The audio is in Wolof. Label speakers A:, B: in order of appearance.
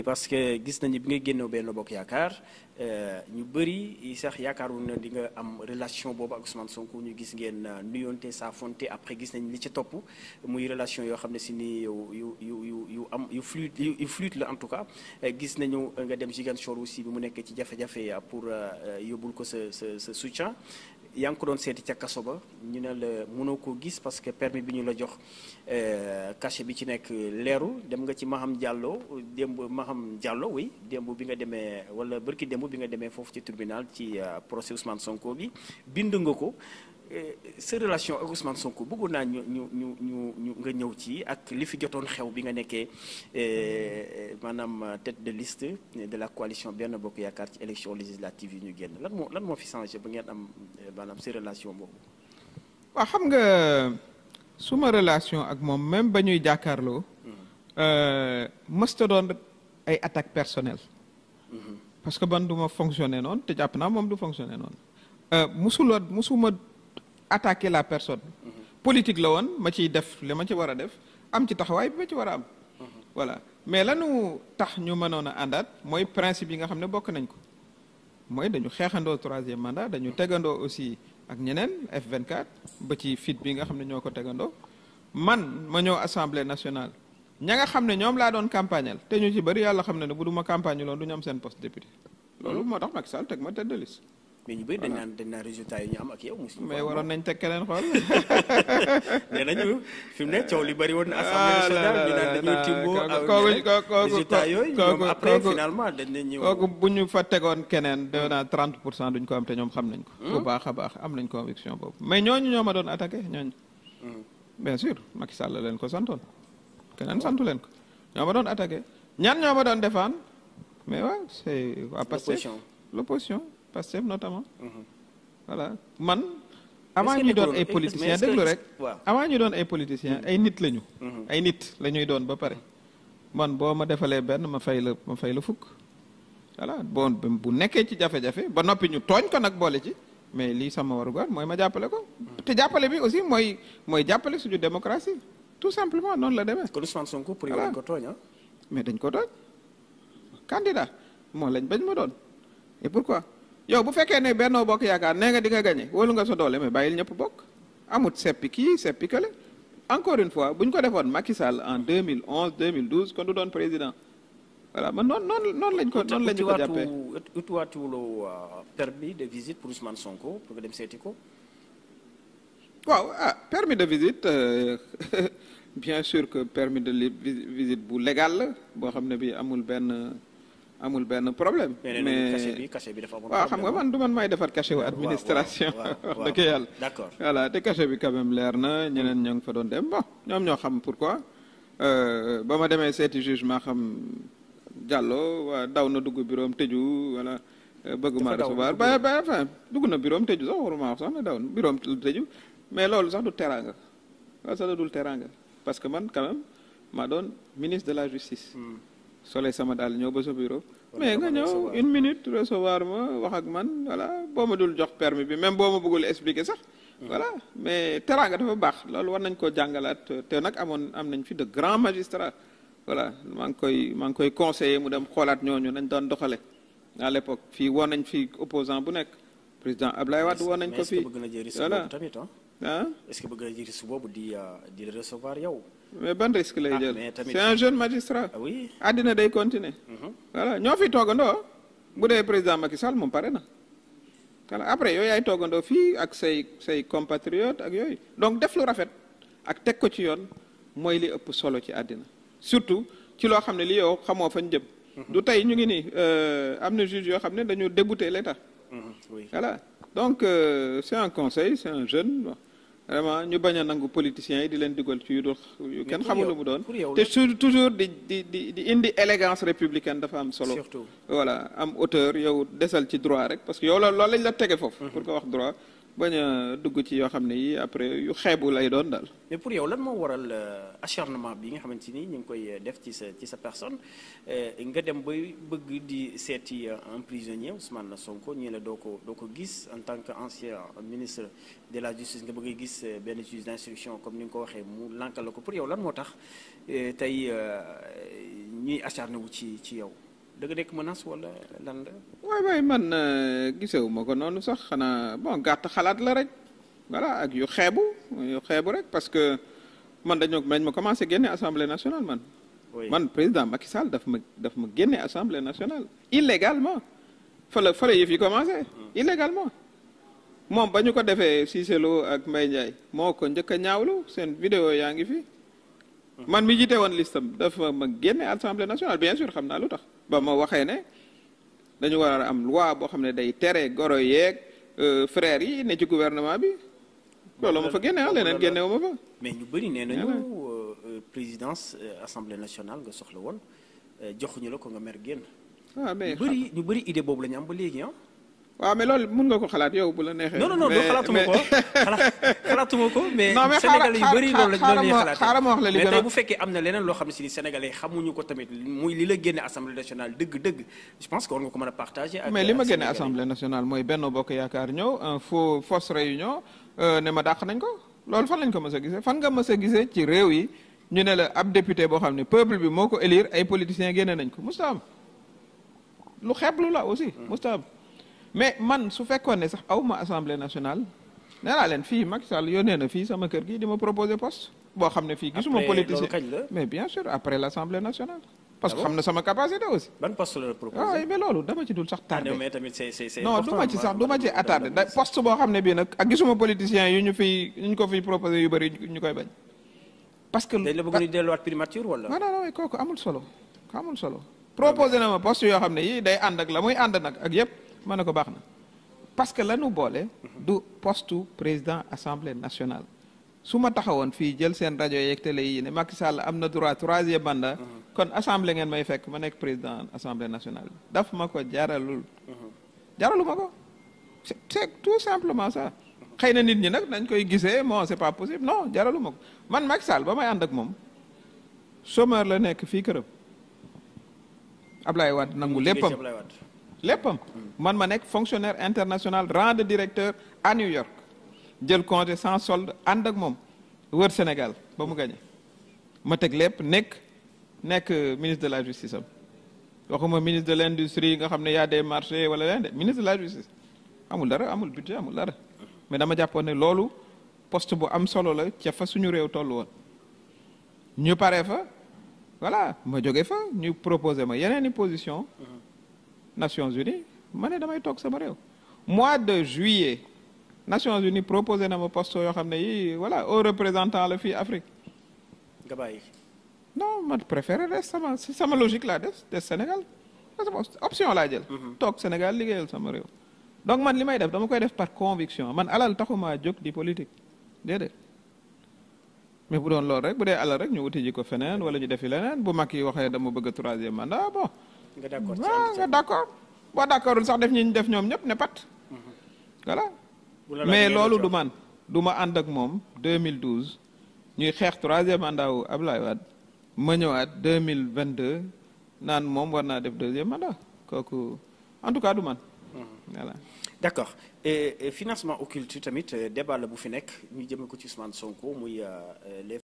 A: parce que gis nañu bi nga génnoo benn bokk yaakaar euh, ñu bëri sax yaakaaruñu ne di nga am relation boobu ak Ousmane Sonko ñu gis ngeen euh, nuyonte saa fonte après gis nañ li ci topp muy relation yoo xam ne si ni yow yu yu yu yu am yu fluide yu fluide la en tout cas euh, gis nañu nga dem sol aussi bi mu nekk ci jafe-jafe pour yóbbul ko sa sa sa yaa ngi ko doon seeti ca kaso ba ñu ne la mënoo koo gis parce que permis bi ñu la jox euh, cachet bi ci nekk leeru dem nga ci Maham jàlloo démb Maham Diallo oui démb bi nga demee wala bërki démb bi nga demee foofu ci tribunal ci euh, procès Ousmane Sonko bi bind nga ko. Euh, sa relation ak Ousmane Sonko bëggoon naa ñu ñu ñu ñu ñu nga ñëw ci ak li fi jotoon xew bi nga nekkee euh, maanaam tete de liste de la coalition benn Bokk Yaakaar ci élection législative yi ñu génn lan moo lan moo fi changé ba ngeen am euh, maanaam sa relation
B: xam nga suma relation ak moom même ba ñuy jàkkaarloo. Hmm. mësta doon ay attaque personnelles. Hmm. parce que ban du ma fonctionné noonu te jàpp naa moom du fonctionné noonu. musula musuma attaquer la personne. politique la woon ma ciy def li ma ci war a def am ci taxawaay bi ma ci war a am. voilà mais lanu tax ñu mënoon a àndaat mooy principe yi nga xam ne bokk nañ ko mooy dañu xeexandoo troisième mandat dañu tegandoo aussi ak ñeneen F24 ba ci fit bi nga xam ne ñoo ko tegandoo man ma ñëw assemblée nationale. ña nga xam ne ñoom laa doon campagnal te ñu ci bëri yàlla xam ne ne bu duma campagne loon du ñu seen poste député loolu
A: moo tax Macky Sall ma tête de liste mais dañ naan dañ naan résultat yi ñu am ak yow. mosu ñu waroon nañ teg keneen xool. nee nañu fi mu li bëri woon na. assemblée ah, nationale ñu naan dañoo timboo dañ ne ñëw.
B: bu ñu fa tegoon keneen mm. doo naa 30 pour cent duñ ko am te ñoom xam nañ ko. Mm. bu baax a baax am nañ conviction boobu mais ñooñu ñoo ma doon attaqué ñooñu. Mm. bien sûr Macky Sall leen ko santoon keneen santu leen ko ñoo ma doon attaqué ñan ñoo doon défendre mais waaw c'est à partir l'opposition Pastef notamment mhm. voilà man avant ñu doon ay politiciens déglu rek avant ñu doon ay politiciens ay nit lañu mhm. ay nit la ñuy doon ba pare man boo ma defalee benn ma fay la ma fay la fukk voilà bon bu nekkee ci jafe-jafe ba noppi ñu tooñ ko nag boole ci mais lii sama warugar mooy ma jàppale ko mhm. te jàppale bi aussi mooy mooy jàppale suñu démocratie tout simplement noonu la demee. kon Ousmane Sonko pour yow dañ ko tooñ ah? mais dañ ko tooñ moo lañ bañ ma doon et pourquoi yow bu fekkee ne benn Bokk Yaakaar nee nga di nga gagné wóolu nga sa doole mais bàyyil ñëpp bokk amut seppi kii seppi kële encore une fois bu ñu ko defoon Macky Sall en 2011 2012 kon du doon président
A: voilà man noonu noonu noonu lañ ko noonu lañ ko jàppee utiwaatuwuloo euh, permis de visite pour Ousmane Sonko pour nga dem seeti ko
B: waaw ah permis de visite euh, bien sur que permis de visite bu legal la boo xam ne bi amul benn amul benn problème. bi cachet bi dafa amoon waaw xam nga man du man may defar cachet wu administration. wax dëgg yàlla. d'accord voilà te cachet bi quand même leer na ñeneen ñoo ngi fa doon dem bon ñoom ñoo xam pourquoi euh, ba ma demee seeti juge xam Diallo waa daw na dugg bureau am tëju wala bëgg ma recevoir ba ba enfin dugg na bureau am tëju sax waruma wax sax ne daw na bureau am tëju mais loolu sax du teraanga waaw sax da dul teraanga parce que man quand même maa doon ministre de la justice. Hmm. solee sama daal ñëw ba sa bureau mais nga ñëw une minute recevoir ma wax ak man voilà boo ma dul jox permis bi même boo ma bëggul expliquer sax hmm. voilà mais teraanga dafa baax loolu war nañ koo jàngalaat te nag amoon am nañ fi de grands magistrats voilà maa ngi koy maa ngi koy conseiller mu dem xoolaat ñooñu nañ doon doxale à l'époque fii woon nañ fi opposant bu nekk
A: président Ablaye Wade woon nañ ko fi voilà ah? ah est-ce que bëgg na su boobu di ah, di recevoir yow mais ban risque lay ah, jël c'est un jeune
B: magistrat. Ah oui àddina day continuer. Mhm. voilà ñoo fi toogandoo bu dee président Macky Sall moom pare na. voilà après yooyu yaay toogandoo fii ak say say compatriotes ak yooy donc def lu rafet ak teg ko ci yoon mooy li ëpp solo ci àddina surtout ci loo xam ne li yow xamoo fañ jëm. Mhm. du tey ñu ngi nii euh, am na juge yoo xam ne dañoo débuté l'État.
A: Mhm, voilà
B: donc euh, c'est un conseil c'est un jeune. vraiment ñu bañ a nangu politiciens yi di leen dugal ci yu dul kenn xamul lu doon te su toujours di di di di indi élégance républicaine dafa am solo surtout voilà am hauteur yow desal ci droit rek parce que yow lool loolu lañ la tege foofu mhm. pour ko wax droit bañ dugg ci yoo xam ne yi après yu xeebu lay doon daal.
A: mais pour yow lan moo waral euh, acharnement bi nga xamante ni ñu ngi koy euh, def ci sa ci sa personne euh, nga dem bay bëgg di seeti un prisonnier na Sonko ñu la doo ko doo ko gis en tant que ancien ministre de la justice nga bëgg a gis benn juge d'instruction comme ni nga ko waxee mu lankal la ko pour yow lan moo tax tey ñuy acharné wu ci ci yow. da nga nekk menace wala lan la.
B: waay waay man euh, gisewu ma ko noonu sax xanaa bon gàtt xalaat la rek voilà ak yu xeebu yu xeebu rek parce que man dañoo dañ ma commencé génne assemblée nationale man. man président Macky Sall daf ma daf ma génne assemblée nationale. illégalement fa la fa la commencé. Hmm. illégalement moom bañu ko defee Cissé Lo ak Mbaye Ndiaye moo ko njëkk a ñaawlu seen vidéo yaa ngi fi. Hmm. man mi jiite woon listam dafa ma génne assemblée nationale bien sûr xam naa lu tax. ba ma waxee ne dañu war a am loi boo xam ne day tere goro yeeg euh, frères yi ne ci gouvernement bi loolu ma fa génne ah leneen génne ma fa.
A: mais ñu bëri nee nañu ah, euh, présidence euh, assemblée nationale nga soxla woon joxuñu la ko nga mer génn. waaw ah, mais ñu bëri ñu bëri idée boobu lañu am ba léegi ah. waaw mais loolu mun nga ko xalaat yow bu la neexee. non non non xalaatuma ko xalaatuma ko mais. Sénégal yu bëri loolu lañ doon xalaat xaaral ma wax la li mais tey bu fekkee am na leneen loo xam ne si ni sénégalais xamuñu ko tamit muy li la génne assemblée nationale dëgg-dëgg je pense que war nga ko mën a partager. ak mais li ma génne assemblée
B: nationale mooy Benno Bokk Yaakaar ñëw un faux fausse réunion euh, ne ma dàq nañ ko loolu fan lañ ko mës a gisee fan nga mës a gisee ci réew yi ñu ne la ab député boo xam ne peuple bi moo ko élire ay politiciens génne nañ ko mustaam lu xeeblu la aussi mustaam hmm. mais man su fekkoon ne sax awma assemblée nationale nee naa leen fii Macky Sall nee na fii sama kër gi di ma proposer poste boo xam ne fii gisuma politicien mais bien sûr après l' assemblée nationale parce que na sama capacité
A: aussi ban poste la proposé
B: waaw ah, mais loolu dama ci dul sax tardé ah,
A: non ma ci sax du ma ci
B: attardé da poste boo xam ne bii nag ak gisuma politicien yu ñu fiy ñu ko fiy proposé yu bëri ñu koy bañ parce que dañ la bëgg ñu delluwaat wala non non non solo amul solo proposé na ma poste yoo xam ne yii day ànd la muy ànd nag ak yëpp ma ne ko baax na parce que lanu boole du postu président assemblée nationale su ma taxawoon fii jël seen rajo yeeg télé yi ne Macky Sall am na droit troisième mandat kon assemblée ngeen may fekk ma nekk président assemblée nationale daf ma ko jaralul jaralu ma ko c'est tout simplement ça xëy na nit ñi nag dañ koy gisee bon c'est pas possible non jaralu ma ko man Macky Sall ba may ànd ak moom chômeur la nekk fii këram Ablaye Wade nangu léppam léppam man ma nekk fonctionnaire international rang de directeur à New York jël congé sans solde ànd ak moom wër Sénégal ba mu gañe ma teg lépp nekk nekk euh, ministre de la justice am waxuma ministre de l' industrie nga xam ne y a des marchés wala de ministre de la justice amul dara amul budget amul dara mais dama jàppoon ne loolu poste bu am solo la ca fa suñu réew toll woon ñu pare fa voilà ma jóge fa ñu proposé ma yeneen i position mmh. Nations Unies ma ne damay toog sama réew mois de juillet Nations Unies proposé na ma poste yoo xam ne yii voilà au représentant la fii Afrique. nga bàyyi. non ma préféré des sama sama logique la des des Sénégal option laa jël. Mhm. toog Sénégal liggéeyal sama réew. donc man li may def dama koy def par conviction man alal taxumaa jóg di politique déedéet mais bu doon loolu rek bu dee alal rek ñu wuti ko feneen wala ñu defi leneen bu mag yi waxee dama bëgg troisième mandat bon. nga d'accord waaw nga d'accord boo d'accordul sax def ñu def ñoom ñëpp ne pat mhm. voilà
A: mais loolu du man
B: du ma ànd ak moom 2012 ñuy xeex troisième mandat wu Ablaye Wade ma ñëwaat 2022 naan moom war naa def deuxième mandat kooku en tout cas du man mhm.
A: d'accord et, financement occulte tamit euh, débat la bu fi nekk ñu jëme ko ci Ousmane Sonko muy euh, euh, les